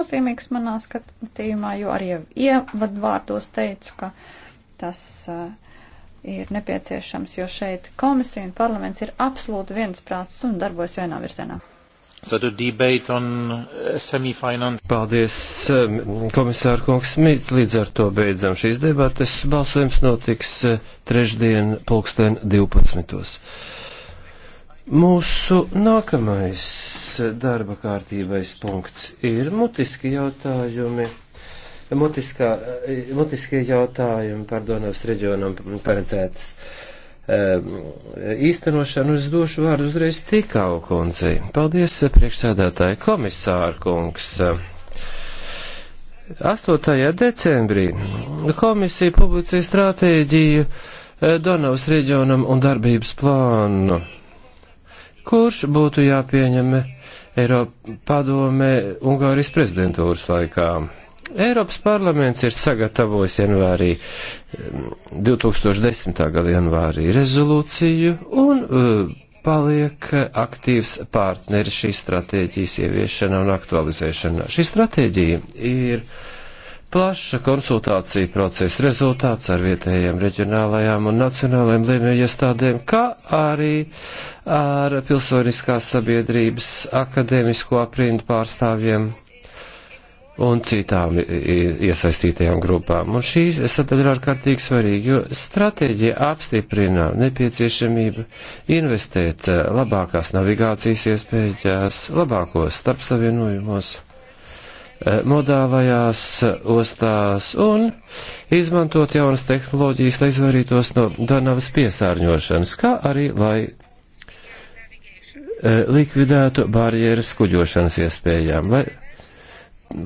nozīmīgs manā skatījumā, jo arī ievadvārdos teicu, ka tas uh, ir nepieciešams, jo šeit komisija un parlaments ir absolūti viensprāts un darbojas vienā virzienā. So uh, Paldies, um, komisāra kungs Smits. Līdz ar to beidzam šīs debates. Balsojums notiks uh, trešdien pulksten 12. Mūsu nākamais darba kārtībais punkts ir mutiski jautājumi. Mutiskā, mutiskie jautājumi par Donavas reģionam paredzētas ehm, īstenošanu. Es došu vārdu uzreiz tikau kundzei. Paldies, priekšsēdētāji komisāra kungs. 8. decembrī komisija publicēja stratēģiju eh, Donavas reģionam un darbības plānu kurš būtu jāpieņem Eiropa padomē Ungārijas prezidentūras laikā. Eiropas parlaments ir sagatavojis janvārī 2010. gada janvārī rezolūciju un uh, paliek aktīvs partneris šīs stratēģijas ieviešanā un aktualizēšanā. Šī stratēģija ir uh, Plaša konsultācija procesa rezultāts ar vietējiem reģionālajām un nacionālajām lēmēju iestādēm, kā arī ar pilsoniskās sabiedrības akadēmisko aprindu pārstāvjiem un citām iesaistītajām grupām. Un šīs sadaļa ir ārkārtīgi svarīga, jo stratēģija apstiprina nepieciešamību investēt eh, labākās navigācijas iespējas, labākos starpsavienojumos modālajās eh, ostās un izmantot jaunas tehnoloģijas, lai izvairītos no Danavas piesārņošanas, kā arī lai eh, likvidētu barjeras kuģošanas iespējām, lai,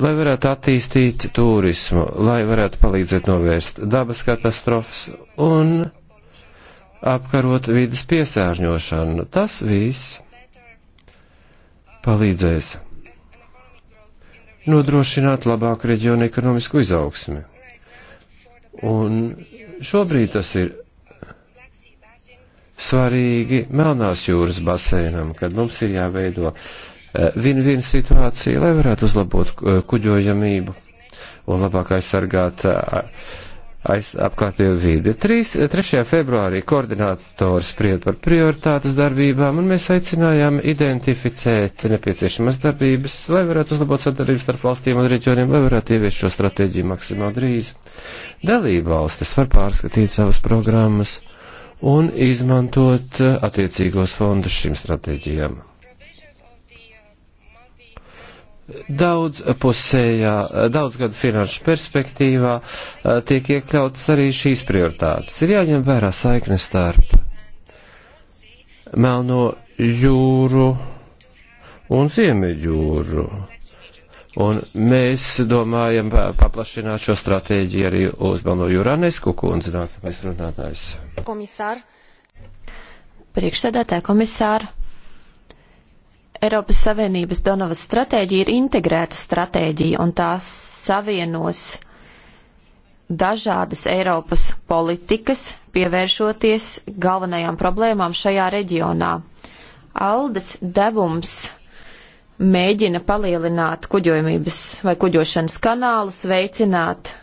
lai varētu attīstīt turismu, lai varētu palīdzēt novērst dabas katastrofas un apkarot vidas piesārņošanu. Tas viss palīdzēs nodrošināt labāku reģionu ekonomisku izaugsmi. Un šobrīd tas ir svarīgi Melnās jūras basēnam, kad mums ir jāveido eh, vien-vien situācija, lai varētu uzlabot eh, kuģojamību un labāk aizsargāt eh, aiz apkārtējo vidi. 3, 3. februārī koordinātori spried par prioritātes darbībām, un mēs aicinājām identificēt nepieciešamas darbības, lai varētu uzlabot sadarbības starp valstīm un reģioniem, lai varētu ieviest šo stratēģiju maksimāli drīz. Dalība valstis var pārskatīt savas programmas un izmantot attiecīgos fondus šīm stratēģijām daudzpusējā, daudzgada finanšu perspektīvā eh, tiek iekļautas arī šīs prioritātes. Ir jāņem vērā saikne starp Melno jūru un Ziemeļjūru. Un mēs domājam paplašināt šo stratēģiju arī uz Melno jūru. Anesku kundze nākamais runātājs. Komisār. Priekšsēdētāja komisāra Eiropas Savienības Donovas stratēģija ir integrēta stratēģija un tās savienos dažādas Eiropas politikas, pievēršoties galvenajām problēmām šajā reģionā. Aldes debums mēģina palielināt kuģojumības vai kuģošanas kanālus, veicināt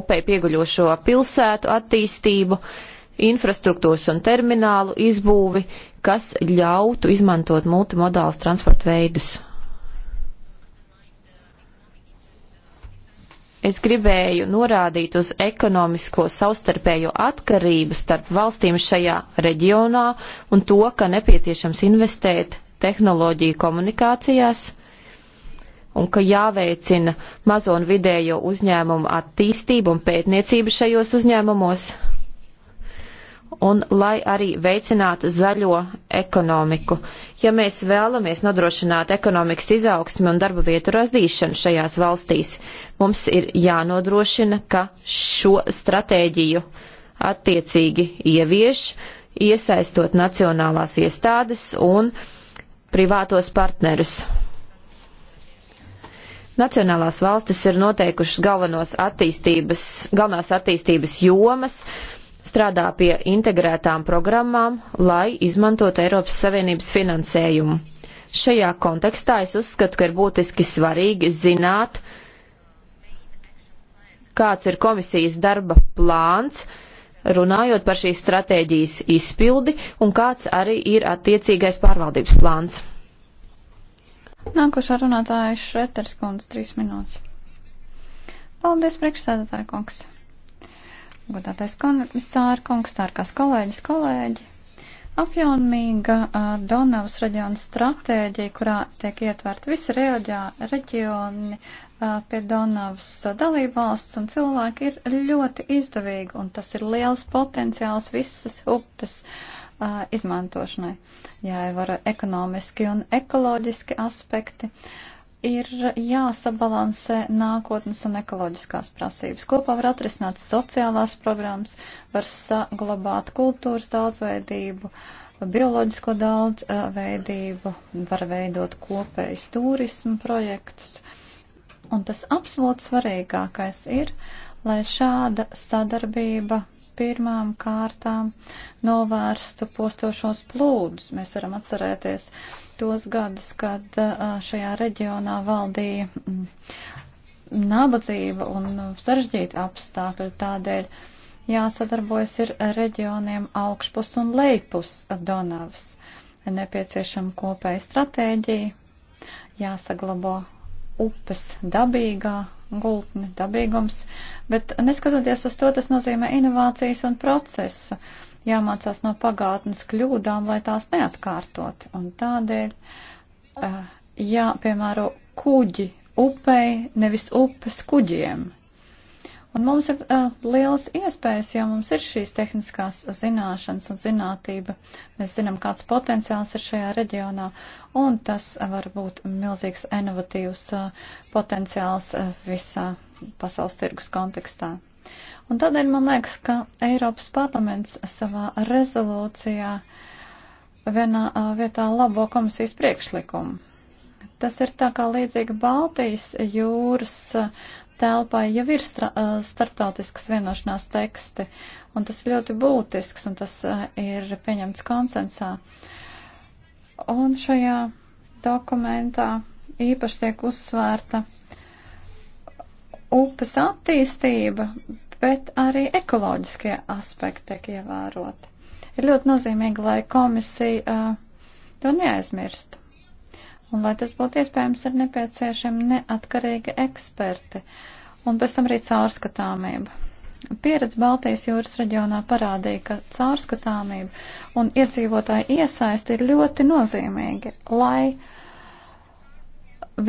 upē pieguļošo pilsētu attīstību, uh, infrastruktūras un terminālu izbūvi, kas ļautu izmantot multimodālus transporta veidus. Es gribēju norādīt uz ekonomisko savstarpējo atkarību starp valstīm šajā reģionā un to, ka nepieciešams investēt tehnoloģiju komunikācijās un ka jāveicina mazo un vidējo uzņēmumu attīstību un pētniecību šajos uzņēmumos, un lai arī veicinātu zaļo ekonomiku. Ja mēs vēlamies nodrošināt ekonomikas izaugsmi un darba vietu radīšanu šajās valstīs, mums ir jānodrošina, ka šo stratēģiju attiecīgi ievieš, iesaistot nacionālās iestādes un privātos partnerus. Nacionālās valstis ir noteikušas galvenos attīstības, galvenās attīstības jomas, uh, strādā pie integrētām programmām, lai izmantotu Eiropas Savienības finansējumu. Šajā kontekstā es uzskatu, ka ir būtiski svarīgi zināt, kāds ir komisijas darba plāns, runājot par šīs stratēģijas izpildi, un kāds arī ir attiecīgais pārvaldības plāns. Nākošā runātāja Šreters kundze, trīs minūtes. Paldies, priekšsēdētāja kungs godātais komisāra kungs, tārkās kolēģis, kolēģi. Apjaunīga uh, Donavas reģiona stratēģija, kurā tiek ietvert visi reaģā, reģioni uh, pie Donavas dalībvalsts un cilvēki ir ļoti izdevīgi, un tas ir liels potenciāls visas upes uh, izmantošanai. Jā, var ekonomiski un ekoloģiski aspekti. Uh, ir jāsabalansē nākotnes un ekoloģiskās prasības. Kopā var atrisināt sociālās programmas, var saglabāt kultūras daudzveidību, bioloģisko daudzveidību, var veidot kopējus turismu projektus. Un tas absolūti svarīgākais ir, lai šāda sadarbība pirmām kārtām novērstu postošos plūdus. Mēs varam atcerēties uh, tos gadus, kad šajā reģionā valdīja nabadzība un sarežģīta apstākļi. Tādēļ jāsadarbojas ir reģioniem augšpus un lejpus Donavas. Ir nepieciešama kopēja stratēģija, jāsaglabo upes dabīgā gultne, dabīgums, bet neskatoties uz to, tas nozīmē inovācijas un procesu. Uh, jāmācās no pagātnes kļūdām, lai tās neatkārtot. Un tādēļ uh, jāpiemēro kuģi upei, nevis upes kuģiem. Un mums ir uh, eh, liels iespējas, jo mums ir šīs tehniskās zināšanas un zinātība. Mēs zinām, kāds potenciāls ir šajā reģionā, un tas var būt milzīgs inovatīvs uh, potenciāls uh, visā pasaules tirgus kontekstā. Un tādēļ man liekas, ka Eiropas parlaments savā rezolūcijā vienā vietā labo komisijas priekšlikumu. Tas ir tā kā līdzīgi Baltijas jūras telpai jau ir starptautiskas vienošanās teksti, un tas ļoti būtisks, un tas ir pieņemts konsensā. Un šajā dokumentā īpaši tiek uzsvērta upes attīstība, bet arī ekoloģiskie aspekti tiek ievēroti. Ir ļoti nozīmīgi, lai komisija uh, to neaizmirst. Un, lai tas būtu iespējams, ir nepieciešami neatkarīgi eksperti un pēc tam arī caurskatāmība. Pieredze Baltijas jūras reģionā parādīja, ka caurskatāmība un iedzīvotāju iesaisti ir ļoti nozīmīgi, lai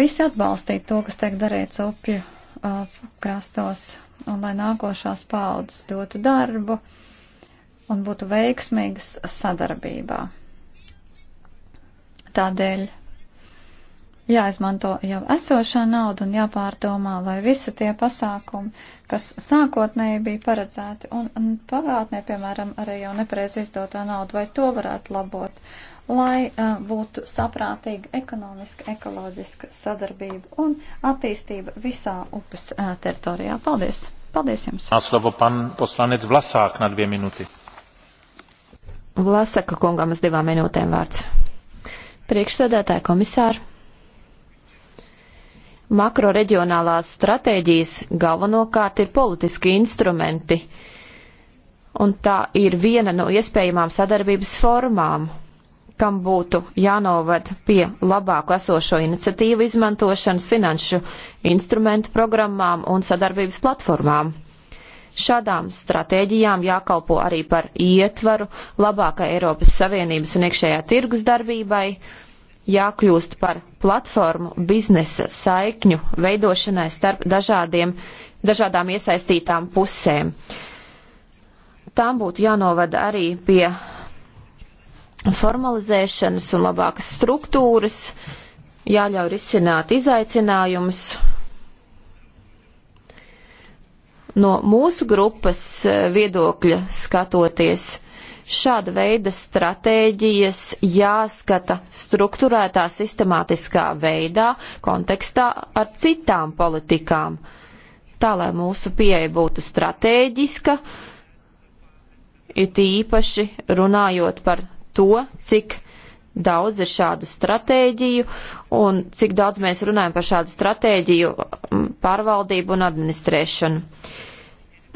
visi atbalstītu to, kas tiek darīts upju uh, krastos un lai nākošās paudzes dotu darbu un būtu veiksmīgas sadarbībā. Tādēļ jāizmanto jau esošā nauda un jāpārdomā, vai visi tie pasākumi, kas sākotnēji bija paredzēti un, un pagātnē, piemēram, arī jau nepareiz izdotā nauda, vai to varētu labot lai uh, būtu saprātīga ekonomiska, ekoloģiska sadarbība un attīstība visā upes uh, teritorijā. Paldies! Paldies jums! Nāslovo pan poslanec Vlasāk na dvie minūti. Vlasaka kungam uz divām minūtēm vārds. Priekšsēdētāji komisāri. Makro reģionālās stratēģijas galvenokārt ir politiski instrumenti, un tā ir viena no iespējamām sadarbības formām kam būtu jānovad pie labāku esošo iniciatīvu izmantošanas finanšu instrumentu programmām un sadarbības platformām. Šādām stratēģijām jākalpo arī par ietvaru labākai Eiropas Savienības un iekšējā tirgus darbībai, jākļūst par platformu biznesa saikņu veidošanai starp dažādiem, dažādām iesaistītām pusēm. Tām būtu jānovada arī pie formalizēšanas un labākas struktūras, jāļauj risināt izaicinājumus. No mūsu grupas eh, viedokļa skatoties, šāda veida stratēģijas jāskata struktūrētā, sistemātiskā veidā, kontekstā ar citām politikām. Tā, lai mūsu pieeja būtu stratēģiska, it īpaši runājot par to, cik daudz ir šādu stratēģiju un cik daudz mēs runājam par šādu stratēģiju mm, pārvaldību un administrēšanu.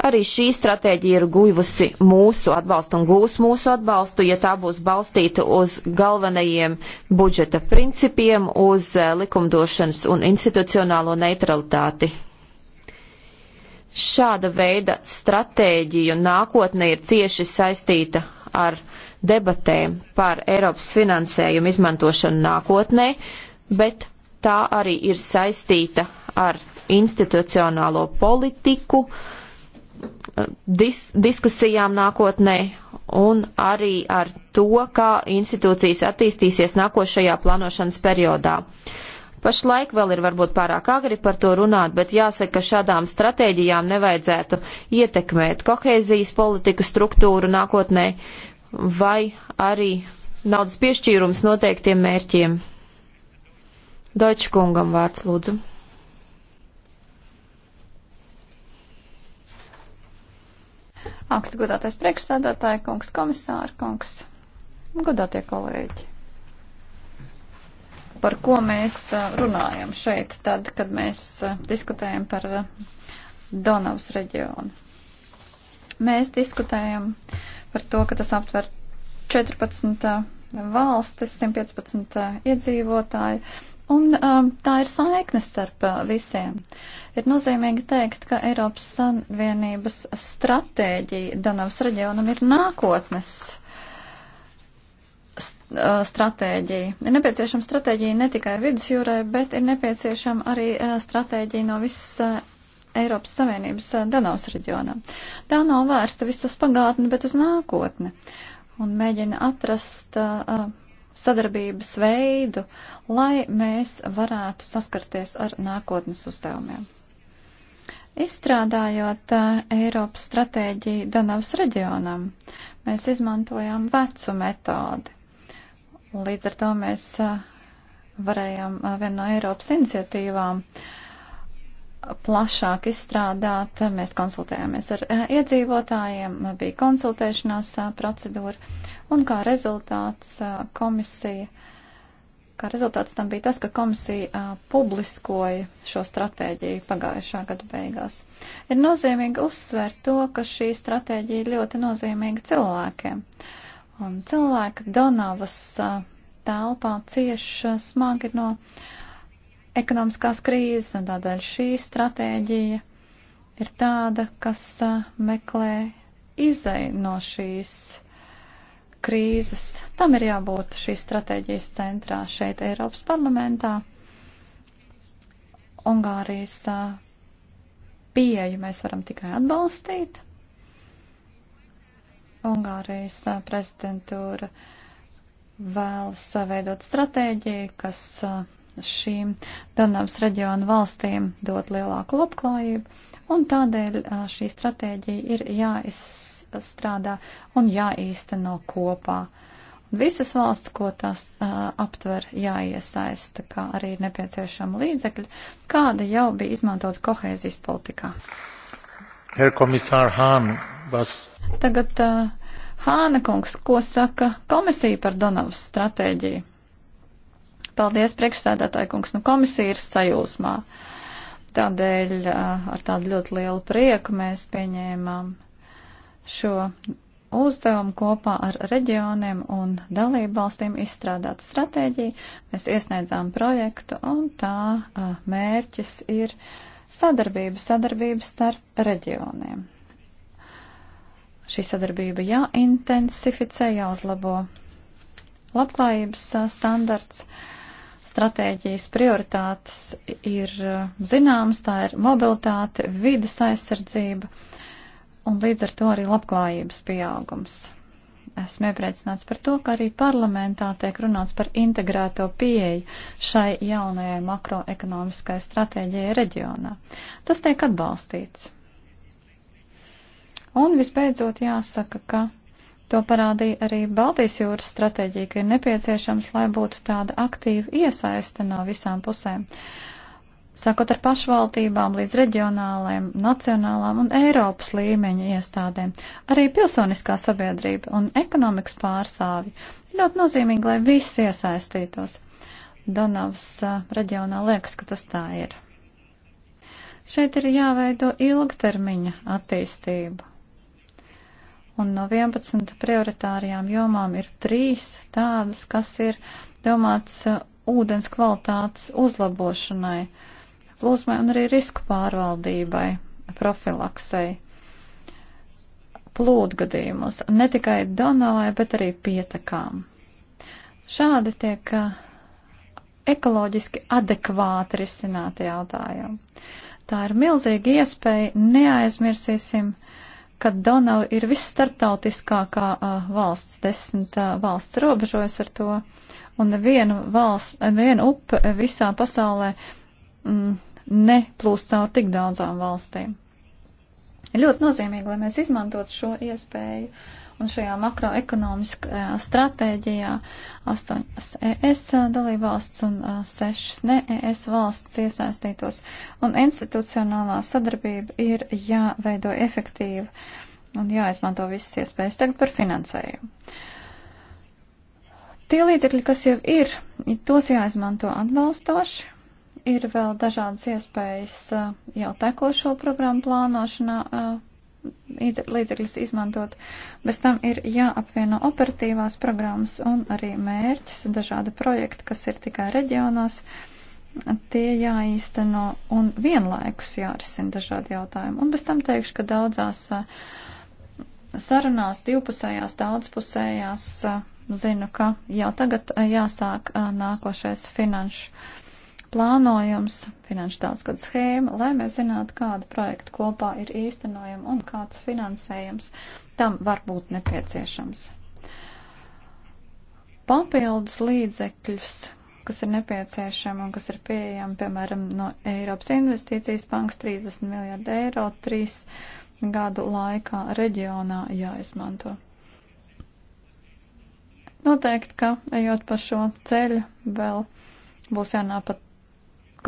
Arī šī stratēģija ir guvusi mūsu atbalstu un gūs mūsu atbalstu, ja tā būs balstīta uz galvenajiem budžeta principiem, uz eh, likumdošanas un institucionālo neutralitāti. Šāda veida stratēģija nākotne ir cieši saistīta ar debatēm par Eiropas finansējumu izmantošanu nākotnē, bet tā arī ir saistīta ar institucionālo politiku, dis diskusijām nākotnē un arī ar to, kā institūcijas attīstīsies nākošajā plānošanas periodā. Pašlaik vēl ir varbūt pārāk agri par to runāt, bet jāsaka, ka šādām stratēģijām nevajadzētu ietekmēt kohēzijas politiku struktūru nākotnē, vai arī naudas piešķīrums noteiktiem mērķiem. Dočkungam vārds lūdzu. Augsts godātais priekšsēdētāji, kungs komisāri, kungs, godātie kolēģi. Par ko mēs uh, runājam šeit, tad, kad mēs uh, diskutējam par uh, Donavas reģionu? Mēs diskutējam uh, par to, ka tas aptver 14 valstis, 115 iedzīvotāji, un um, tā ir saikne starp visiem. Ir nozīmīgi teikt, ka Eiropas Savienības stratēģija Danavas reģionam ir nākotnes stratēģija. Ir nepieciešama stratēģija ne tikai vidusjūrai, bet ir nepieciešama arī stratēģija no visas Eiropas Savienības eh, Danavas reģionam. Tā nav vērsta viss uz pagātni, bet uz nākotni. Un mēģina atrast uh, sadarbības veidu, lai mēs varētu saskarties ar nākotnes uzdevumiem. Izstrādājot uh, Eiropas stratēģiju Danavas reģionam, mēs izmantojām vecu metodi. Līdz ar to mēs uh, varējām uh, vienu no Eiropas iniciatīvām uh, plašāk izstrādāt. Mēs konsultējāmies ar eh, iedzīvotājiem, bija konsultēšanās eh, procedūra, un kā rezultāts eh, komisija, kā rezultāts tam bija tas, ka komisija publiskoja šo stratēģiju pagājušā gada beigās. Ir nozīmīgi uzsvērt to, ka šī stratēģija ir ļoti nozīmīga cilvēkiem, un cilvēka donavas telpā cieši smagi no. Uh, ekonomiskās krīzes, un tādēļ šī stratēģija ir tāda, kas meklē izai no šīs krīzes. Tam ir jābūt šīs stratēģijas centrā šeit Eiropas parlamentā. Ungārijas pieeju mēs varam tikai atbalstīt. Ungārijas prezidentūra vēlas veidot stratēģiju, kas šīm Donavas reģionu valstīm dot lielāku labklājību, un tādēļ šī stratēģija ir jāizstrādā un jāīsteno kopā. Visas valsts, ko tas uh, aptver, jāiesaista, kā arī ir nepieciešama līdzekļa, kāda jau bija izmantot kohēzijas politikā. Herr komisār Hahn, was... Tagad uh, Hāna kungs, ko saka komisija par Donavas stratēģiju? Paldies, priekšstādātāji kungs. Nu, komisija ir sajūsmā. Tādēļ ar tādu ļoti lielu prieku mēs pieņēmām šo uzdevumu kopā ar reģioniem un dalību valstīm izstrādāt stratēģiju. Mēs iesniedzām projektu un tā mērķis ir sadarbība, sadarbība starp reģioniem. Šī sadarbība jāintensificē, jāuzlabo labklājības standarts. Uh, stratēģijas prioritātes ir eh, zināmas, tā ir mobilitāte, vidas aizsardzība un līdz ar to arī labklājības pieaugums. Esmu iepriecināts par to, ka arī parlamentā tiek runāts par integrēto pieeju šai jaunajai makroekonomiskai stratēģijai reģionā. Tas tiek atbalstīts. Un visbeidzot jāsaka, ka To parādīja arī Baltijas jūras stratēģija, ka ir nepieciešams, lai būtu tāda aktīva iesaiste no visām pusēm. Sakot ar pašvaldībām līdz reģionālajiem, nacionālām un Eiropas līmeņa iestādēm, arī pilsoniskā sabiedrība un ekonomikas pārstāvi ir ļoti nozīmīgi, lai visi iesaistītos. Donavs reģionā liekas, ka tas tā ir. Šeit ir jāveido ilgtermiņa attīstība Un no 11 prioritārajām jomām ir trīs tādas, kas ir domāts uh, ūdens kvalitātes uzlabošanai, plūsmai un arī risku pārvaldībai, profilaksei, plūdgadījumus, ne tikai Donavai, bet arī pietekām. Šādi tiek uh, ekoloģiski adekvāti risināti jautājumi. Tā ir milzīga iespēja, neaizmirsīsim ka Donava ir visstarptautiskākā uh, valsts, desmit uh, valsts robežojas ar to, un neviena valsts, neviena upe visā pasaulē mm, neplūst caur tik daudzām valstīm. Ļoti nozīmīgi, lai mēs izmantotu šo iespēju. Un šajā makroekonomiskajā stratēģijā astoņas ES dalībvalsts un sešas ne ES valsts iesaistītos. Un institucionālā sadarbība ir jāveido efektīva un jāizmanto visas iespējas tagad par finansējumu. Tie līdzekļi, kas jau ir, tos jāizmanto atbalstoši Ir vēl dažādas iespējas uh, jau tekošo programmu plānošanā uh, līdzekļus izmantot. Bez tam ir jāapvieno operatīvās programmas un arī mērķis, dažādi projekti, kas ir tikai reģionos. Tie jāīsteno un vienlaikus jārisina dažādi jautājumi. Un bez tam teikšu, ka daudzās uh, sarunās, divpusējās, daudzpusējās, zinu, ka jau tagad jāsāk nākošais finanšu plānojums, finanšu daudzgad schēma, lai mēs zinātu, kādu projektu kopā ir īstenojama un kāds finansējums tam var būt nepieciešams. Papildus līdzekļus kas ir nepieciešama un kas ir pieejama, piemēram, no Eiropas investīcijas bankas 30 miljārdu eiro trīs gadu laikā reģionā jāizmanto. Noteikti, ka ejot pa šo ceļu, vēl būs jānāpat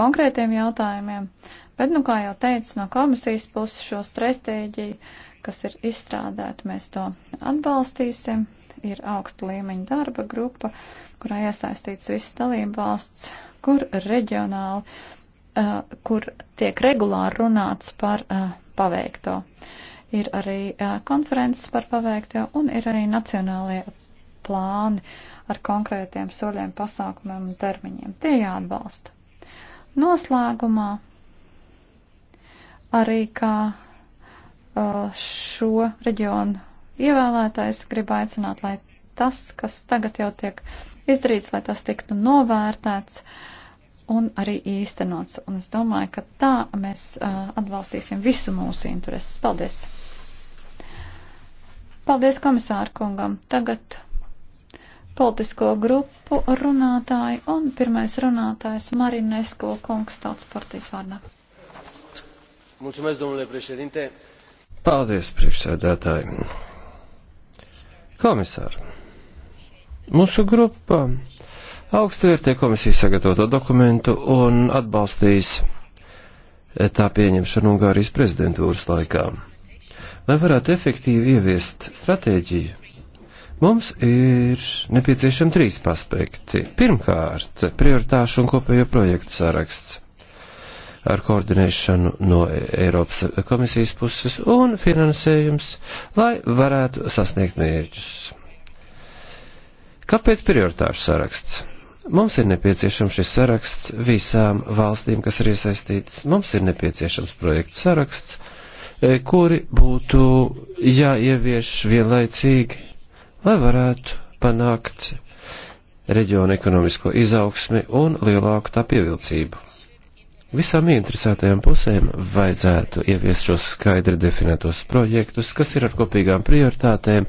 konkrētiem jautājumiem, bet, nu, kā jau teicu, no komisijas puses šo stratēģiju, kas ir izstrādēta, mēs to atbalstīsim. Ir augsta līmeņa darba grupa, kurā iesaistīts visas dalība valsts, kur reģionāli, uh, kur tiek regulāri runāts par uh, paveikto. Ir arī uh, konferences par paveikto un ir arī nacionālie plāni ar konkrētiem soļiem, pasākumiem un termiņiem. Tie jāatbalsta. Noslēgumā arī kā uh, šo reģionu ievēlētājs grib aicināt, lai tas, kas tagad jau tiek izdarīts, lai tas tiktu novērtēts un arī īstenots. Un es domāju, ka tā mēs uh, atbalstīsim visu mūsu intereses. Paldies! Paldies komisāru kungam! Tagad politisko grupu runātāji un pirmais runātājs Marinesko kungs tautas partijas vārdā. Mulțumesc, domnule președinte. Paldies, priekšsēdētāji. Komisār, mūsu grupa augstu vērtē komisijas sagatavoto dokumentu un atbalstīs tā pieņemšanu Ungārijas prezidentūras laikā. Lai varētu efektīvi ieviest stratēģiju, Mums ir nepieciešami trīs aspekti. Pirmkārt, prioritāšu un kopējo projektu saraksts ar koordinēšanu no Eiropas komisijas puses un finansējums, lai varētu sasniegt mērķus. Kāpēc prioritāšu saraksts? Mums ir nepieciešams šis saraksts visām valstīm, kas ir iesaistītas. Mums ir nepieciešams projektu saraksts, e, kuri būtu jāievieš vienlaicīgi lai varētu panākt reģiona ekonomisko izaugsmi un lielāku tā pievilcību. Visām interesētajām pusēm vajadzētu ieviest šos skaidri definētos projektus, kas ir ar kopīgām prioritātēm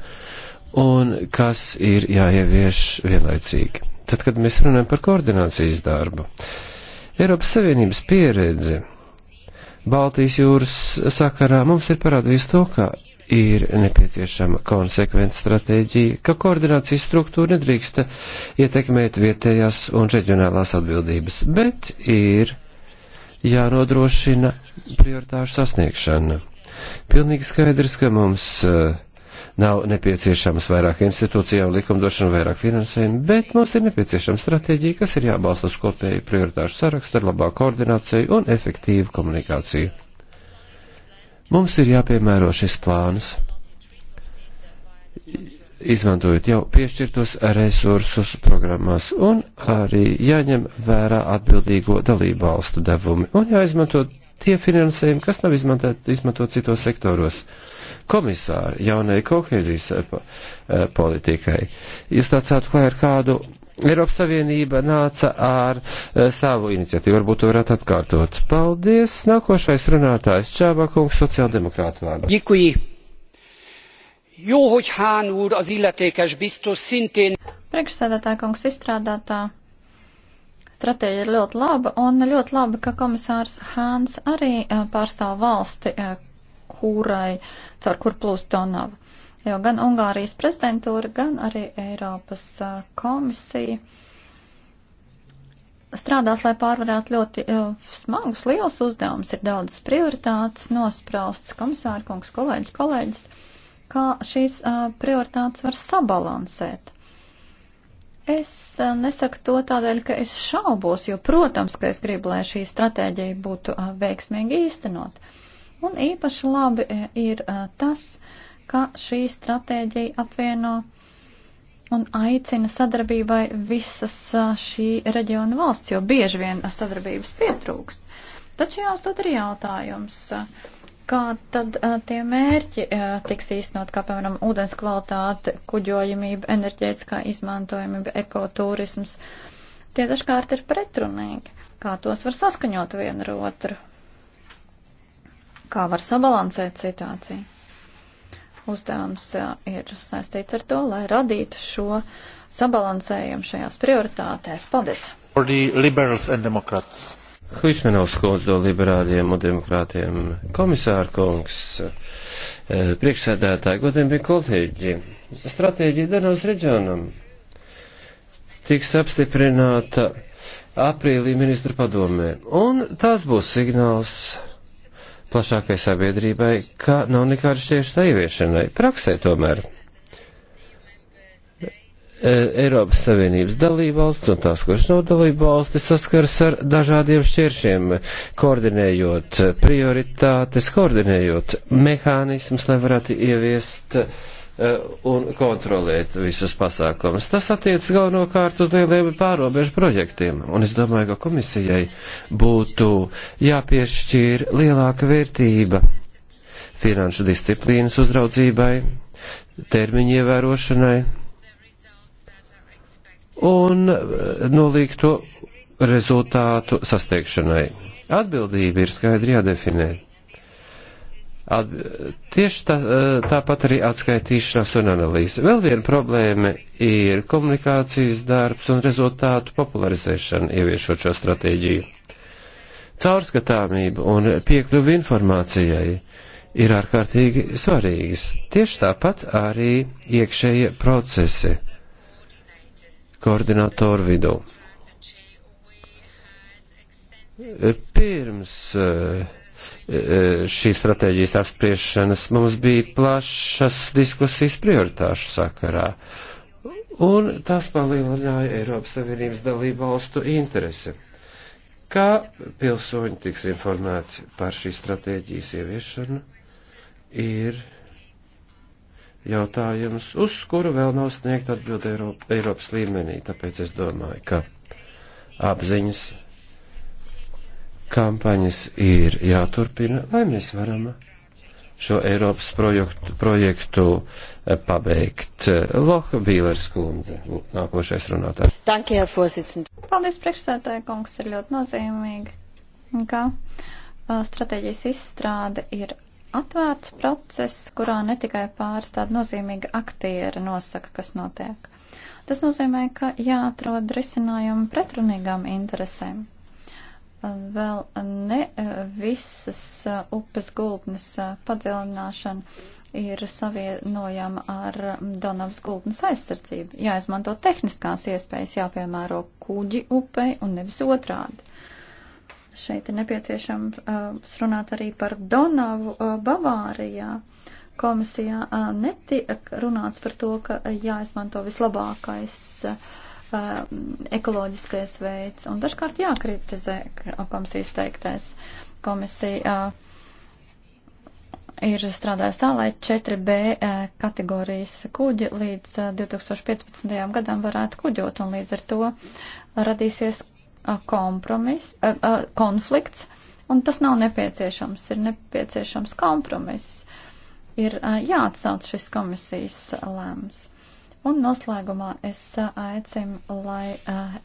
un kas ir jāievieš vienlaicīgi. Tad, kad mēs runājam par koordinācijas darbu, Eiropas Savienības pieredze Baltijas jūras sakarā mums ir parādījis to, ka ir nepieciešama konsekventa stratēģija, ka koordinācijas struktūra nedrīkst ietekmēt vietējās un reģionālās atbildības, bet ir jānodrošina prioritāšu sasniegšana. Pilnīgi skaidrs, ka mums eh, nav nepieciešams vairāk institūcijām, likumdošanu, vairāk finansējumu, bet mums ir nepieciešama stratēģija, kas ir jābalsta uz kopēju prioritāšu sarakstu ar labāku koordināciju un efektīvu komunikāciju. Mums ir jāpiemēro šis plāns, izmantojot jau piešķirtos resursus programmās un arī jāņem vērā atbildīgo dalību valstu devumi un jāizmanto tie finansējumi, kas nav izmantot, izmantot citos sektoros. Komisāri jaunai kohēzijas eh, politikai, jūs tāds atklājat kādu Eiropas Savienība nāca ar e, savu iniciatīvu. Varbūt to varētu atkārtot. Paldies. Nākošais runātājs Čāba kungs, sociāldemokrāta vārdā. Jikuji. Jó, hogy Hán úr az illetékes biztos szintén. Priekšsēdētā kungs izstrādātā stratēģija ir ļoti laba, un ļoti labi, ka komisārs Hāns arī eh, pārstāv valsti, eh, kurai, caur kur plūst Donava jo gan Ungārijas prezidentūra, gan arī Eiropas komisija strādās, lai pārvarētu ļoti smagus, liels uzdevums. Ir daudzas prioritātes nospraustas komisāra kungs, kolēģi, kolēģis, kā šīs prioritātes var sabalansēt. Es nesaku to tādēļ, ka es šaubos, jo, protams, ka es gribu, lai šī stratēģija būtu veiksmīgi īstenot. Un īpaši labi ir tas, ka ka šī stratēģija apvieno un aicina sadarbībai visas šī reģiona valsts, jo bieži vien sadarbības pietrūkst. Taču jāuzdod arī jautājums, kā tad tie mērķi tiks īstenot, kā piemēram ūdens kvalitāte, kuģojamība, enerģētiskā izmantojamība, ekoturisms. Tie dažkārt ir pretrunīgi. Kā tos var saskaņot vienu ar otru? Kā var sabalansēt situāciju? uzdevums ir saistīts ar to, lai radītu šo sabalansējumu šajās prioritātēs. Paldies! Huismanovs kundze no liberāļiem un demokrātiem, komisāra kungs, priekšsēdētāji, godiem bija kolēģi. Stratēģija Danavas reģionam tiks apstiprināta aprīlī ministru padomē, un tas būs signāls plašākai sabiedrībai, ka nav nekāda šķiešana ieviešanai. Praksē tomēr e, Eiropas Savienības dalībvalsts un tās, kuras nav dalībvalstis, saskaras ar dažādiem šķiršiem, koordinējot prioritātes, koordinējot mehānismus, lai varētu ieviest uh, Eh, un kontrolēt visus pasākumus. Tas attiecas galvenokārt uz lieliem pārobežu projektiem, un es domāju, ka komisijai būtu jāpiešķir lielāka vērtība finanšu disciplīnas uzraudzībai, termiņu ievērošanai un eh, nolīgto rezultātu sasniegšanai. Atbildība ir skaidri jādefinē. At, tieši tā, eh, tāpat arī atskaitīšanās un analīze. Vēl viena problēma ir komunikācijas darbs un rezultātu popularizēšana ieviešot šo stratēģiju. Caurskatāmība un piekļuvi informācijai ir ārkārtīgi svarīgas. Tieši tāpat arī iekšējie procesi koordinatoru vidū. Pirms uh, šīs stratēģijas apspriešanas mums bija plašas diskusijas prioritāšu sakarā. Un tas palielināja Eiropas Savienības dalību valstu interesi. Kā pilsoņi tiks informēti par šīs stratēģijas ieviešanu, ir jautājums, uz kuru vēl nav sniegt atbildi Eiropas līmenī. Tāpēc es domāju, ka apziņas kampaņas ir jāturpina, lai mēs varam šo Eiropas projektu, projektu eh, pabeigt. Loha Bīlers kundze, nākošais runātājs. Dankie, Fosicint. Paldies, priekšstādāja kungs, ir ļoti nozīmīgi, ka eh, stratēģijas izstrāde ir atvērts process, kurā ne tikai pāris tāda nozīmīga aktiera nosaka, kas notiek. Tas nozīmē, ka jāatrod risinājumi pretrunīgām interesēm vēl ne visas upes gultnes padziļināšana ir savienojama ar Donavas gultnes aizsardzību. Jāizmanto tehniskās iespējas, jāpiemēro kuģi upei un nevis otrādi. Šeit ir nepieciešams uh, runāt arī par Donavu uh, Bavārijā. Komisijā uh, netiek runāts par to, ka jāizmanto vislabākais uh, Mm, ekoloģiskais veids. Un dažkārt jākritizē komisijas teiktais. Komisija ir strādājusi tā, lai 4B kategorijas kuģi līdz 2015. gadam varētu kuģot, un līdz ar to radīsies kompromis, konflikts, un tas nav nepieciešams. Ir nepieciešams kompromiss. Ir jāatsauc šis komisijas lēmums. Un noslēgumā es aicinu, lai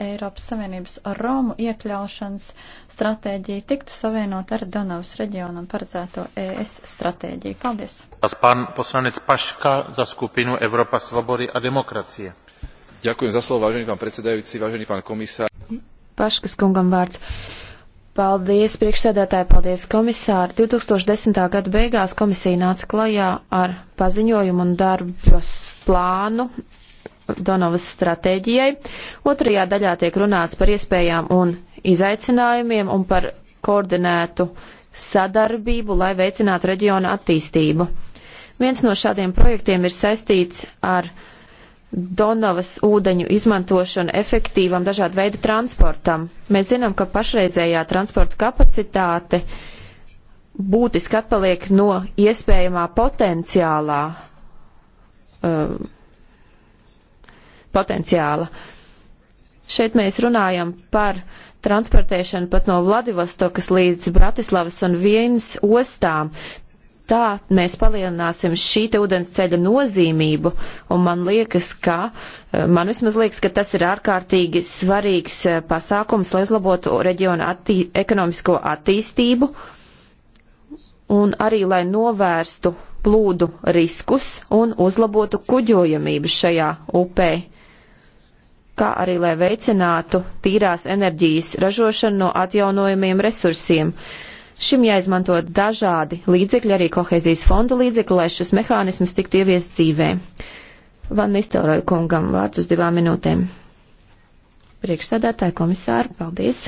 Eiropas Savienības Romu iekļaušanas stratēģija tiktu savienot ar Donavas reģionam paredzēto ES stratēģiju. Paldies! Pán poslanec Paška za skupinu Evropa svobody a demokracie. Ďakujem za slovo, vážený pán predsedajúci, vážený pán komisár. Paškas kungam vārds. Paldies, priekšsēdētāji, paldies, komisāri. 2010. gada beigās komisija nāca klajā ar paziņojumu un darbas plānu Donovas stratēģijai. Otrajā daļā tiek runāts par iespējām un izaicinājumiem un par koordinētu sadarbību, lai veicinātu reģiona attīstību. Viens no šādiem projektiem ir saistīts ar Donavas ūdeņu izmantošanu efektīvam dažādu veidu transportam. Mēs zinām, ka pašreizējā transporta kapacitāte būtiski atpaliek no iespējamā potenciālā um, potenciāla. Šeit mēs runājam par transportēšanu pat no Vladivostokas līdz Bratislavas un Vienas ostām. Tā mēs palielināsim šī te ūdensceļa nozīmību, un man liekas, ka, eh, man vismaz liekas, ka tas ir ārkārtīgi svarīgs eh, pasākums, lai uzlabotu reģiona attī ekonomisko attīstību, un arī, lai novērstu plūdu riskus un uzlabotu kuģojamību šajā upē, kā arī lai veicinātu tīrās enerģijas ražošanu no atjaunojumiem resursiem. Uh, Šim jāizmanto dažādi līdzekļi, arī kohēzijas fondu līdzekļi, lai šis mehānisms tiktu ieviest dzīvē. Van Nistelroja kungam vārds uz divām minūtēm. Priekšsēdētāji komisāri, paldies!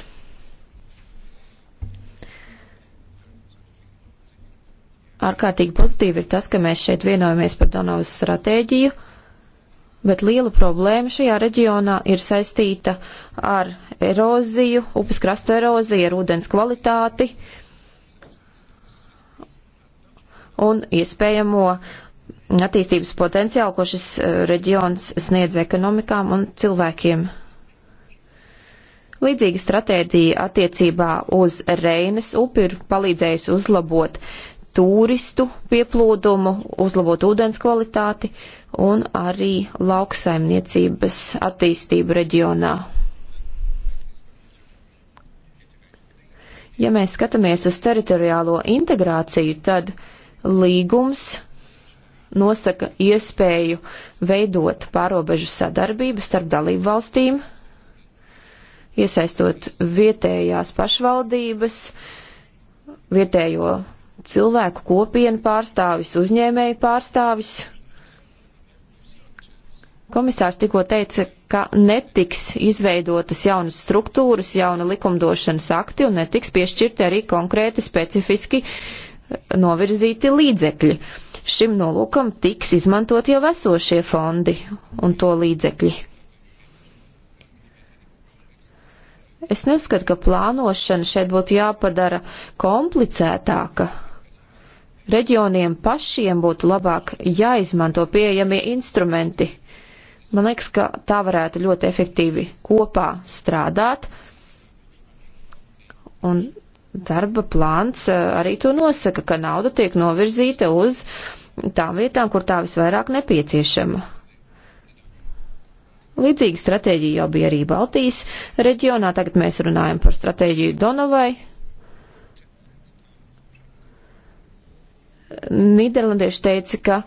ārkārtīgi pozitīvi ir tas, ka mēs šeit vienojamies par Donavas stratēģiju, bet liela problēma šajā reģionā ir saistīta ar eroziju, upes krastu eroziju, ar ūdens kvalitāti, uh, un iespējamo attīstības potenciālu, ko šis eh, reģions sniedz ekonomikām un cilvēkiem. Līdzīga stratēģija attiecībā uz Reinas upi ir palīdzējusi uzlabot turistu pieplūdumu, uzlabot ūdens kvalitāti un arī lauksaimniecības attīstību reģionā. Ja mēs skatāmies uz teritoriālo integrāciju, tad uh, līgums nosaka iespēju veidot pārobežu sadarbību starp dalību valstīm, iesaistot vietējās pašvaldības, vietējo cilvēku kopienu pārstāvis, uzņēmēju pārstāvis. Komisārs tikko teica, ka netiks izveidotas jaunas struktūras, jauna likumdošanas akti un netiks piešķirti arī konkrēti specifiski uh, novirzīti līdzekļi. Šim nolūkam tiks izmantot jau esošie fondi un to līdzekļi. Es neuzskatu, ka plānošana šeit būtu jāpadara komplicētāka. Reģioniem pašiem būtu labāk jāizmanto pieejamie instrumenti. Man liekas, ka tā varētu ļoti efektīvi kopā strādāt un darba plāns eh, arī to nosaka, ka nauda tiek novirzīta uz tām vietām, kur tā visvairāk nepieciešama. Līdzīga stratēģija jau bija arī Baltijas reģionā, tagad mēs runājam par stratēģiju Donovai. Nīderlandieši teica, ka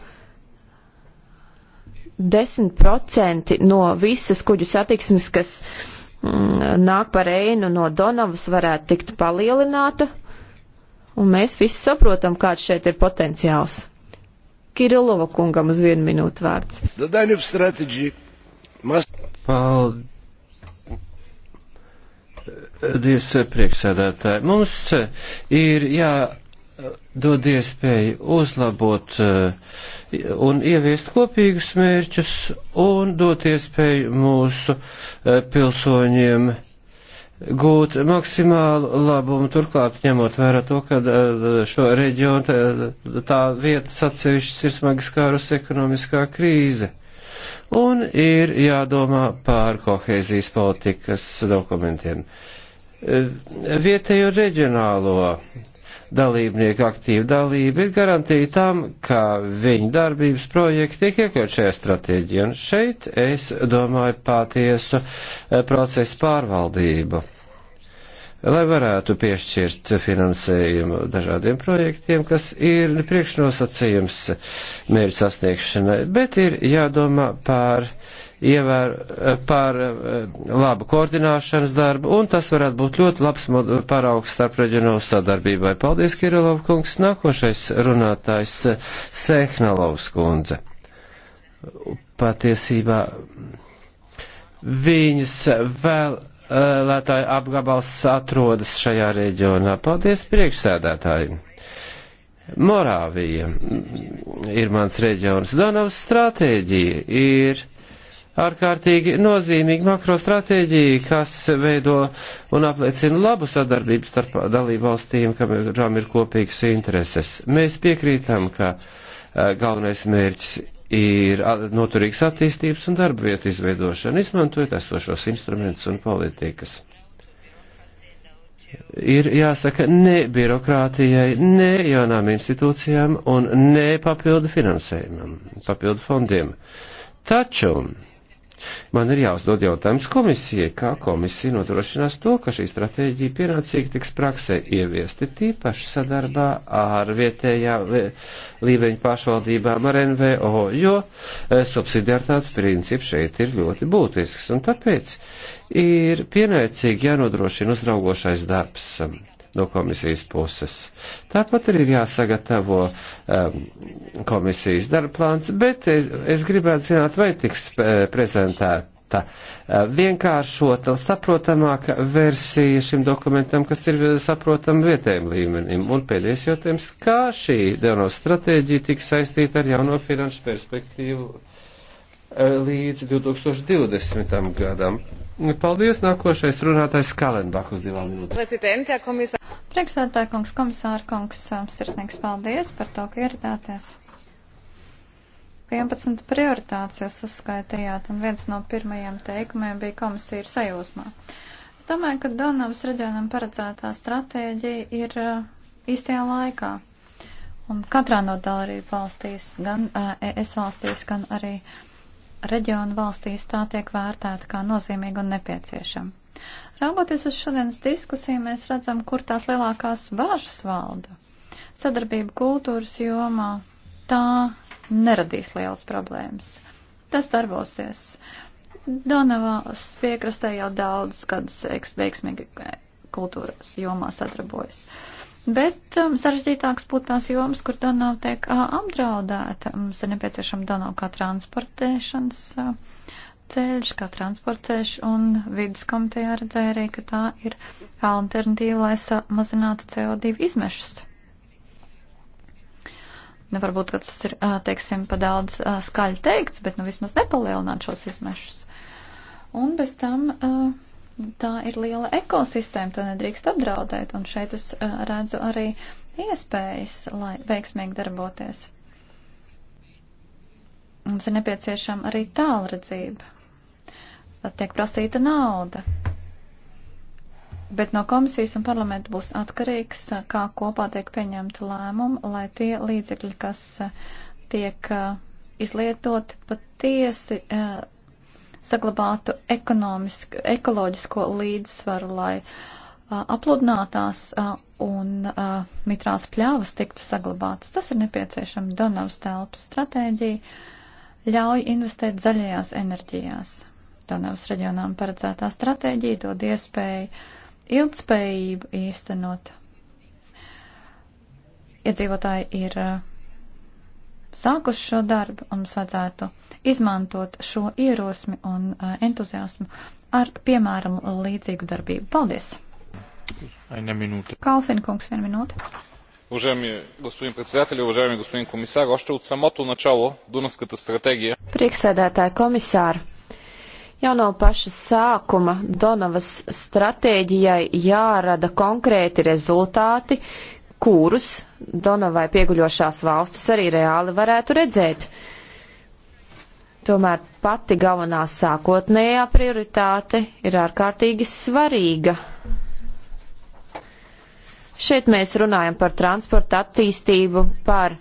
10% no visas kuģu satiksmes, kas uh, Mm, nāk par einu no Donavas varētu tikt palielināta, un mēs visi saprotam, kāds šeit ir potenciāls. Kirilova kungam uz vienu minūtu vārds. Paldies, priekšsēdētāji. Mums ir jā. Ja dod iespēju uzlabot eh, un ieviest kopīgus mērķus un dot iespēju mūsu eh, pilsoņiem gūt maksimālu labumu, turklāt ņemot vērā to, ka eh, šo reģionu tā, tā vietas atsevišķas ir smagi skārus ekonomiskā krīze. Un ir jādomā pār kohēzijas politikas dokumentiem. Vietējo reģionālo dalībnieku aktīva dalība ir garantīja tam, ka viņu darbības projekti tiek iekļaut šajā stratēģijā. Un šeit es domāju patiesu eh, procesu pārvaldību lai varētu piešķirt finansējumu dažādiem projektiem, kas ir priekšnosacījums mērķu sasniegšanai, bet ir jādomā par ievēr, par eh, labu koordināšanas darbu, un tas varētu būt ļoti labs paraugs starp reģionālu sadarbībai. Paldies, Kirilov kungs. Nākošais runātājs eh, Sehnalovs kundze. Patiesībā viņas vēl vēlētāju apgabals atrodas šajā reģionā. Paldies priekšsēdētāji! Morāvija ir mans reģions. Donavas stratēģija ir ārkārtīgi nozīmīga makrostratēģija, kas veido un apliecina labu sadarbību starp dalībvalstīm, kam ir kopīgas intereses. Mēs piekrītam, ka eh, galvenais mērķis ir noturīgas attīstības un darba vietu izveidošana, izmantojot esošos instrumentus un politikas. Ir jāsaka ne birokrātijai, ne jaunām institūcijām un ne papildu finansējumam, papildu fondiem. Taču Man ir jāuzdod jautājums komisijai, kā komisija nodrošinās to, ka šī stratēģija pienācīgi tiks praksē ieviesti tīpaši sadarbā ar vietējā līmeņa pašvaldībām ar NVO, jo eh, subsidiartāts princips šeit ir ļoti būtisks, un tāpēc ir pienācīgi jānodrošina uzraugošais darbs no komisijas puses. Tāpat arī ir jāsagatavo um, komisijas darba plāns, bet es, es gribētu zināt, vai tiks eh, prezentēta eh, vienkāršota, saprotamāka versija šim dokumentam, kas ir saprotama vietējiem līmenim. Un pēdējais jautājums, kā šī jauno stratēģija tiks saistīta ar jauno finanšu perspektīvu līdz 2020. gadam. Paldies, nākošais runātais Kalenbach uz divām minūtēm. Priekšstādātāja kungs, komisāra kungs, sirsnīgs paldies par to, ka ieradāties. 11 prioritātes jūs uzskaitījāt, un viens no pirmajiem teikumiem bija komisija ir sajūsmā. Es domāju, ka Donavas reģionam paredzētā stratēģija ir īstajā laikā. Un katrā no dalību valstīs, gan ES valstīs, gan arī uh, reģionu valstīs tā tiek vērtēta kā nozīmīga un nepieciešama. Raugoties uz šodienas diskusiju, mēs redzam, kur tās lielākās bažas valda. Sadarbība kultūras jomā tā neradīs lielas problēmas. Tas darbosies. Donavas piekrastē jau daudz gadus veiksmīgi kultūras jomā sadarbojas. Uh, Bet um, sarežģītāks būtu tās jomas, kur Donau tiek uh, apdraudēta. Mums ir nepieciešama Donau kā transportēšanas uh, ceļš, kā transporta ceļš, un vidas komitejā redzēja arī, ka tā ir alternatīva, lai samazinātu CO2 izmešus. Nu, varbūt, ka tas ir, uh, teiksim, pa daudz uh, skaļi teikts, bet nu vismaz nepalielināt šos izmešus. Un bez tam. Uh, tā ir liela ekosistēma, to nedrīkst apdraudēt, un šeit es eh, redzu arī iespējas, lai veiksmīgi darboties. Mums ir nepieciešama arī tālredzība. Tad tiek prasīta nauda. Bet no komisijas un parlamenta būs atkarīgs, eh, kā kopā tiek pieņemta lēmuma, lai tie līdzekļi, kas eh, tiek izlietoti, patiesi saglabātu ekoloģisko līdzsvaru, lai a, apludinātās a, un a, mitrās pļāvas tiktu saglabātas. Tas ir nepieciešama Donavas telpas stratēģija ļauj investēt zaļajās enerģijās. Donavas reģionām paredzētā stratēģija dod iespēju ilgspējību īstenot. Iedzīvotāji ir uh, sākuši šo darbu, un mums vajadzētu izmantot šo ierosmi un uh, entuziasmu ar, piemēram, līdzīgu darbību. Paldies! Aina minūte. Kalfin kungs, viena minūte. Уважаеми господин председател, уважаеми господин комисар, още от самото начало Дунавската стратегия. Priekšsēdētāji komisāri, jau no paša sākuma Donavas stratēģijai jārada konkrēti rezultāti, kurus Donavai pieguļošās valstis arī reāli varētu redzēt. Tomēr pati galvenā sākotnējā prioritāte ir ārkārtīgi svarīga. Šeit mēs runājam par transporta attīstību, par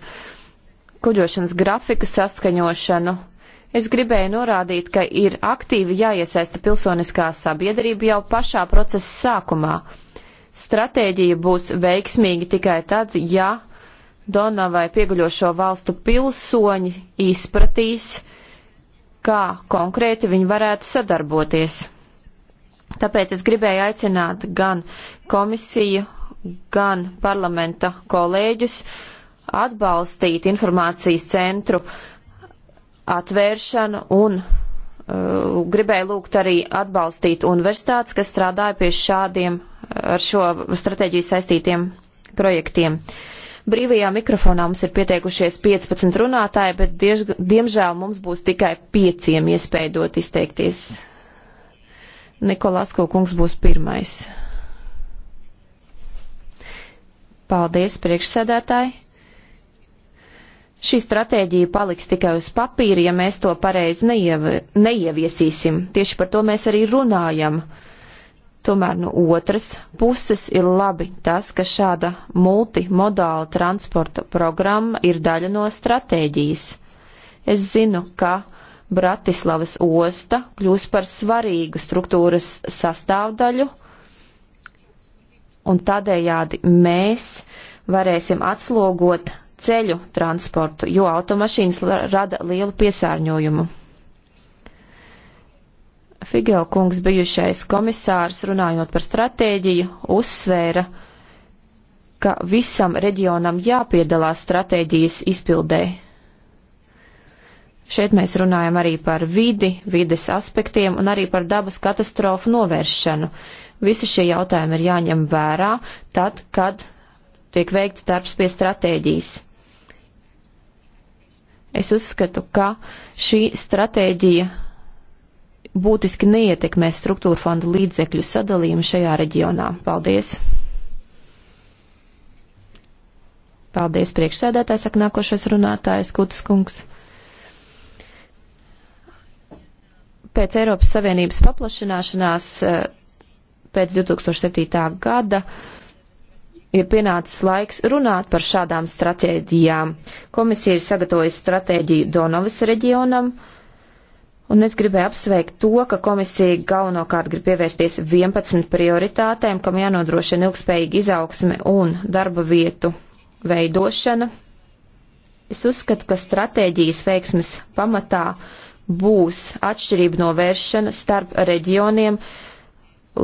kuģošanas grafiku saskaņošanu. Es gribēju norādīt, ka ir aktīvi jāiesaista pilsoniskā sabiedrība jau pašā procesa sākumā. Stratēģija būs veiksmīga tikai tad, ja Donavai pieguļošo valstu pilsoņi izpratīs, kā konkrēti viņi varētu sadarboties. Tāpēc es gribēju aicināt gan komisiju, gan parlamenta kolēģus atbalstīt informācijas centru atvēršanu un uh, gribēju lūgt arī atbalstīt universitātes, kas strādāja pie šādiem ar šo stratēģiju saistītiem projektiem. Brīvajā mikrofonā mums ir pieteikušies 15 runātāji, bet diež, diemžēl mums būs tikai pieciem iespēja dot izteikties. Nikolās Kungs būs pirmais. Paldies, priekšsēdētāji! Šī stratēģija paliks tikai uz papīra, ja mēs to pareizi neiev neieviesīsim. Tieši par to mēs arī runājam. Uh, Tomēr no otras puses ir labi tas, ka šāda multimodāla transporta programma ir daļa no stratēģijas. Es zinu, ka Bratislavas osta kļūs par svarīgu struktūras sastāvdaļu, un tādējādi mēs varēsim atslogot ceļu transportu, jo automašīnas rada lielu piesārņojumu. Figel kungs, bijušais komisārs, runājot par stratēģiju, uzsvēra, ka visam reģionam jāpiedalās stratēģijas izpildē. Šeit mēs runājam arī par vidi, vides aspektiem un arī par dabas katastrofu novēršanu. Visi šie jautājumi ir jāņem vērā tad, kad tiek veikts darbs pie stratēģijas. Es uzskatu, ka šī stratēģija būtiski neietekmēs struktūra fonda līdzekļu sadalījumu šajā reģionā. Paldies! Paldies, priekšsēdētājs, saka nākošais runātājs Kutas kungs. Pēc Eiropas Savienības paplašināšanās eh, pēc 2007. gada ir pienācis laiks runāt par šādām stratēģijām. Komisija ir sagatavojusi stratēģiju Donovas reģionam. Uh, Un es gribēju apsveikt to, ka komisija galvenokārt grib pievērsties 11 prioritātēm, kam jānodrošina ilgspējīga izaugsme un darba vietu veidošana. Es uzskatu, ka stratēģijas veiksmes pamatā būs atšķirība novēršana starp reģioniem,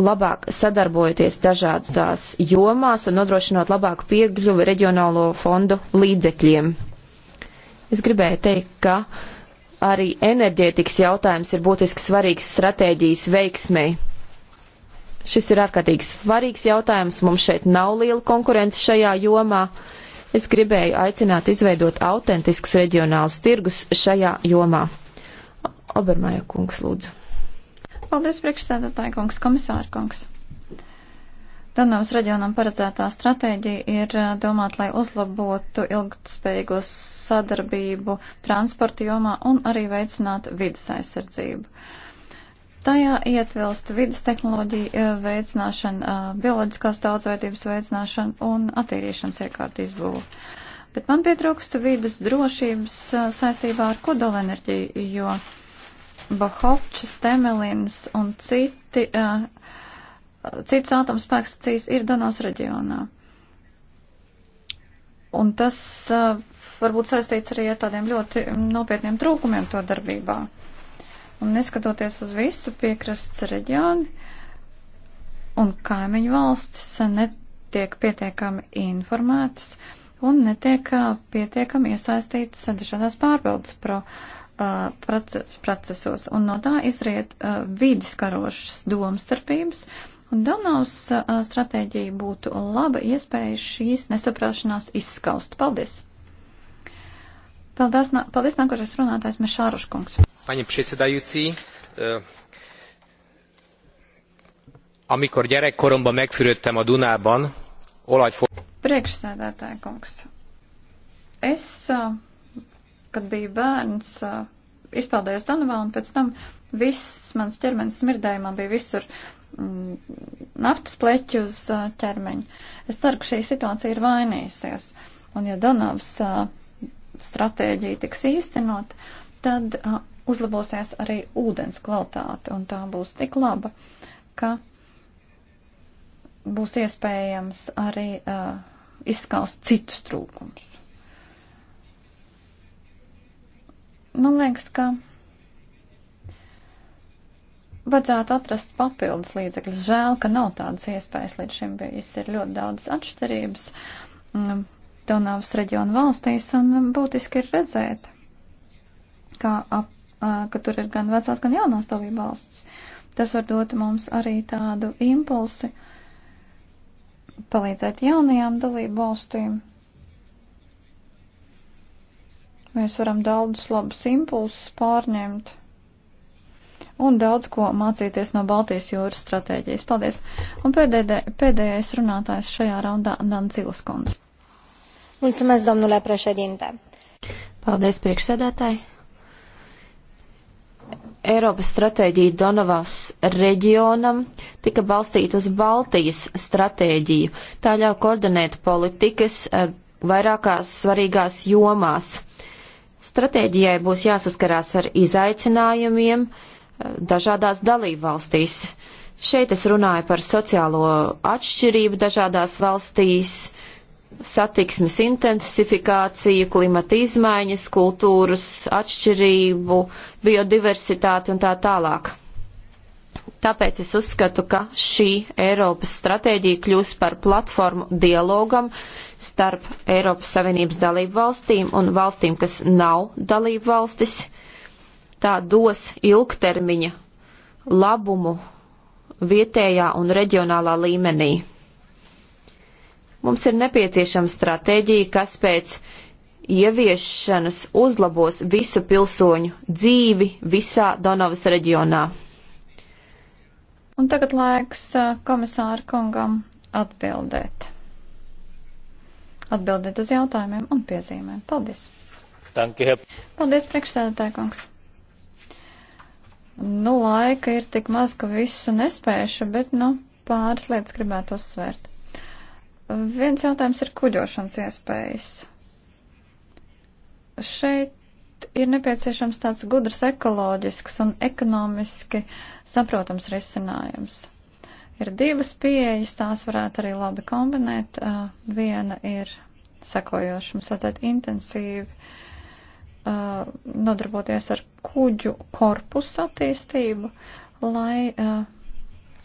labāk sadarbojoties dažādās jomās un nodrošinot labāku piekļuvi reģionālo fondu līdzekļiem. Es gribēju teikt, ka uh, arī enerģētikas jautājums ir būtiski svarīgs stratēģijas veiksmei. Šis ir ārkārtīgi svarīgs jautājums, mums šeit nav liela konkurence šajā jomā. Es gribēju aicināt izveidot autentiskus reģionālus tirgus šajā jomā. Obermaja kungs, lūdzu. Paldies, priekšstādātāji kungs, komisāra kungs. Danavas reģionam paredzētā stratēģija ir eh, domāt, lai uzlabotu ilgtspējīgo sadarbību transporta jomā un arī veicinātu vidas aizsardzību. Tajā ietvilst vidas tehnoloģija eh, veicināšana, eh, bioloģiskās daudzveidības veicināšana un attīrīšanas iekārtu izbūvu. Bet man pietrūksta vidas drošības saistībā ar kodolenerģiju, jo Bahovčs, Temelins un citi uh, citas atomspēkstacijas ir Danos reģionā. Un tas uh, varbūt saistīts arī ar tādiem ļoti nopietniem trūkumiem to darbībā. Un neskatoties uz visu piekrasts reģioni un kaimiņu valstis netiek pietiekami informētas un netiek pietiekami iesaistītas dažādās pārbaudas pro, uh, procesos. Un no tā izriet uh, vidiskarošas domstarpības. Uh, Un Donavas stratēģija būtu laba iespēja šīs nesaprašanās izskaust. Paldies! Paldies, nā, paldies nākošais runātājs Mešāruš kungs. Paņem priecedājūcī, e, amikor gyerekkoromban megfürödtem a Dunában, olajfor... Priekšsēdētāja kungs. Es, kad biju bērns, izpeldējos Danavā un pēc tam viss mans ķermenis smirdēja, man bija visur Mm, naftas pleķi uz ķermeņa. Es ceru, ka šī situācija ir vainījusies. Un ja Donavas stratēģija tiks īstenot, tad uzlabosies arī ūdens kvalitāte, un tā būs tik laba, ka būs iespējams arī uh, izskaust citus trūkumus. Man liekas, ka vajadzētu atrast papildus līdzekļus. Žēl, ka nav tādas iespējas līdz šim bijis. Ir ļoti daudz atšķirības mm, Donavas reģionu valstīs un būtiski ir redzēt, kā ap, ka tur ir gan vecās, gan jaunās dalība valsts. Tas var dot mums arī tādu impulsi palīdzēt jaunajām dalību valstīm. Mēs varam daudzus labus impulsus pārņemt un daudz ko mācīties no Baltijas jūras stratēģijas. Paldies! Un pēdējais, pēdējais runātājs šajā raundā - Dan Zilaskons. Mulțumesc, domnule președinte! Paldies, priekšsēdētāji! Eiropas stratēģija Donavas reģionam tika balstīta uz Baltijas stratēģiju. Tā ļauj koordinēt politikas eh, vairākās svarīgās jomās. Stratēģijai būs jāsaskarās ar izaicinājumiem, uh, dažādās dalībvalstīs. Šeit es runāju par sociālo atšķirību dažādās valstīs, satiksmes intensifikāciju, klimata izmaiņas, kultūras atšķirību, biodiversitāti un tā tālāk. Tāpēc es uzskatu, ka šī Eiropas stratēģija kļūs par platformu dialogam starp Eiropas Savienības dalību valstīm un valstīm, kas nav dalību valstis tā dos ilgtermiņa labumu vietējā un reģionālā līmenī. Mums ir nepieciešama stratēģija, kas pēc ieviešanas uzlabos visu pilsoņu dzīvi visā Donovas reģionā. Un tagad laiks uh, komisāra kungam atbildēt. Atbildēt uz jautājumiem un piezīmēm. Paldies! Danke, Paldies, priekšsēdētāj kungs! Nu, laika ir tik maz, ka visu nespējuši, bet, nu, pāris lietas gribētu uzsvērt. Viens jautājums ir kuģošanas iespējas. Šeit ir nepieciešams tāds gudrs ekoloģisks un ekonomiski saprotams risinājums. Ir divas pieejas, tās varētu arī labi kombinēt. Viena ir sekojoša, mums vajadzētu intensīvi uh, nodarboties ar kuģu korpusu attīstību, lai uh,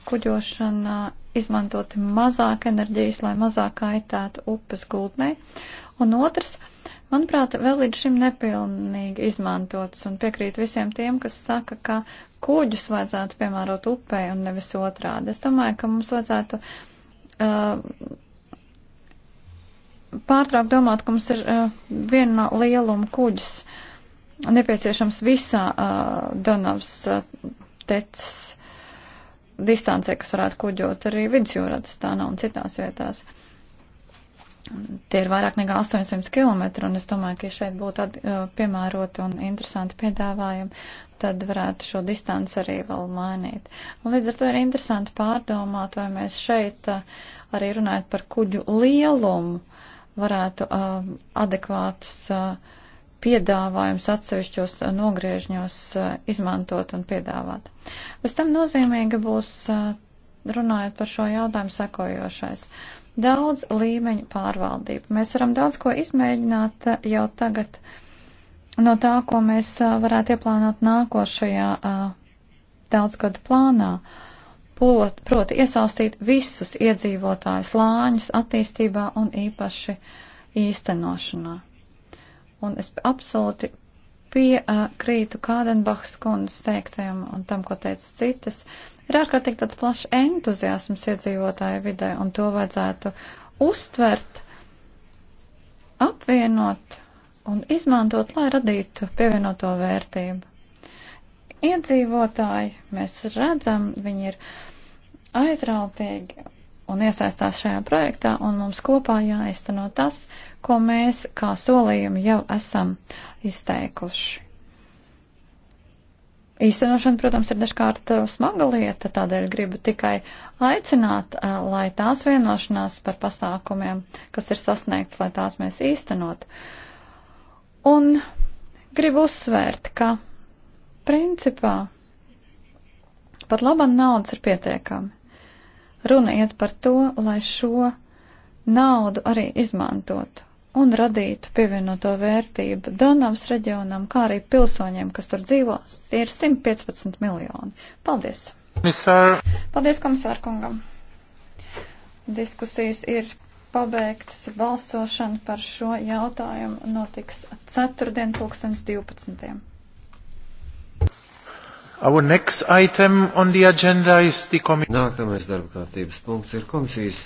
kuģošana izmantoti mazāk enerģijas, lai mazāk kaitētu upes gultnē. Un otrs, manuprāt, vēl līdz šim nepilnīgi izmantots un piekrīt visiem tiem, kas saka, ka kuģus vajadzētu piemērot upē un nevis otrādi. Es domāju, ka mums vajadzētu uh, pārtraukt domāt, ka mums ir uh, viena lieluma kuģis nepieciešams visā uh, Donavas uh, tecis distancē, kas varētu kuģot arī vidusjūrā, tas tā nav un citās vietās. Tie ir vairāk nekā 800 km, un es domāju, ka ja šeit būtu at, uh, piemēroti un interesanti piedāvājumi, tad varētu šo distanci arī vēl mainīt. Un līdz ar to ir interesanti pārdomāt, vai mēs šeit uh, arī runājot par kuģu lielumu, uh, varētu uh, adekvātus uh, piedāvājums atsevišķos nogriežņos izmantot un piedāvāt. Bez tam nozīmīgi būs, runājot par šo jautājumu, sekojošais. Daudz līmeņu pārvaldība. Mēs varam daudz ko izmēģināt jau tagad no tā, ko mēs varētu ieplānot nākošajā daudzgadu plānā. Uh, plot, proti iesaistīt visus iedzīvotājus lāņus attīstībā un īpaši īstenošanā. Un es absolūti piekrītu Kādenbachas kundas teiktajam un tam, ko teica citas. Ir ārkārtīgi tāds plašs entuziasms iedzīvotāju vidē, un to vajadzētu uztvert, apvienot un izmantot, lai radītu pievienoto vērtību iedzīvotāji, mēs redzam, viņi ir aizrautīgi un iesaistās šajā projektā, un mums kopā jāizteno tas, ko mēs kā solījumi jau esam izteikuši. Īstenošana, protams, ir dažkārt smaga lieta, tādēļ gribu tikai aicināt, lai tās vienošanās par pasākumiem, kas ir sasniegts, lai tās mēs īstenot. Un gribu uzsvērt, ka Principā pat laba naudas ir pietiekami. Runa iet par to, lai šo naudu arī izmantotu un radītu pievienoto vērtību Donavas reģionam, kā arī pilsoņiem, kas tur dzīvo, ir 115 miljoni. Paldies! Komisār. Paldies komisārkungam! Diskusijas ir pabeigtas, balsošana par šo jautājumu notiks ceturtdien, 2012. Nākamais darba kārtības punkts ir komisijas